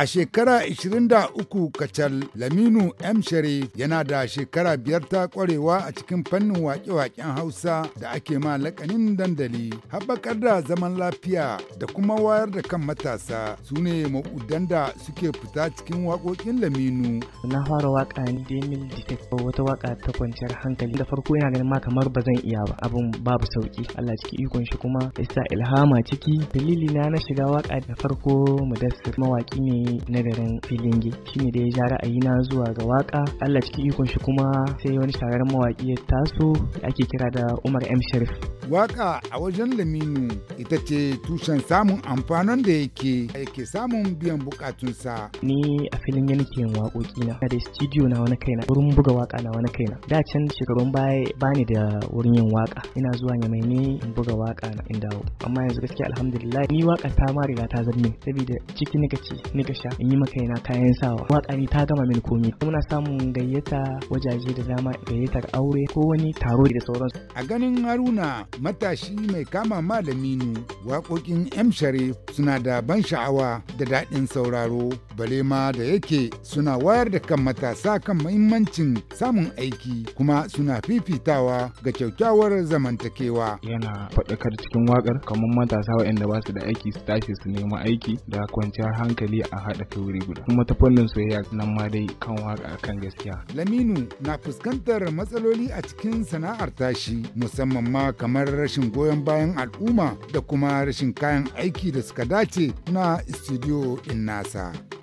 A shekara 23 kacal Laminu M. Sharif yana da shekara biyar ta kwarewa a cikin fannin waƙe-waƙen Hausa da ake ma lakanin dandali, haɓakar da zaman lafiya da kuma wayar da kan matasa su ne ma'udan da suke fita cikin waƙoƙin Laminu. Na fara waƙa ne Demil Detective wata waƙa ta kwanciyar hankali da farko yana ganin ma kamar ba zan iya ba abin babu sauki Allah ciki ikon shi kuma isa ilhama ciki dalili na na shiga waƙa da farko Mudassir mawaƙi ne ne na garin Filinge shine da ya ja na zuwa ga waka Allah cikin ikon shi kuma sai wani shagarar mawaki ya taso ake kira da Umar M Sharif Waka a wajen Laminu ita ce tushen samun amfanin da yake yake samun biyan bukatunsa. Ni a filin ya wakoki yin waƙoƙi na da studio na wani kaina wurin buga waka na wani kaina. Da can shekarun baya bani da wurin yin waka ina zuwa ya mai ne in buga waka na in dawo. Amma yanzu gaskiya alhamdulillah ni waka ta ma riga ta zanne saboda ciki nika ci nika sha in yi ma kaina kayan sawa. Waka ni ta gama min komi. Muna samun gayyata wajaje da dama gayyatar aure ko wani taro da sauransu. A ganin Haruna matashi mai kama malaminu waƙoƙin M Sharif suna da ban sha'awa da daɗin sauraro bare ma da yake suna wayar da kan matasa kan mahimmancin samun aiki kuma suna fifitawa ga kyakkyawar zamantakewa. Yana faɗakar cikin waƙar kamar matasa waɗanda ba su da aiki su tashi su nema aiki da kwanciyar hankali a haɗa kai wuri guda. Kuma ta fannin soyayya nan ma dai kan waƙa kan gaskiya. Laminu na fuskantar matsaloli a cikin sana'ar tashi musamman ma kamar rashin goyon bayan al'umma da kuma rashin kayan aiki da suka dace na studio in nasa.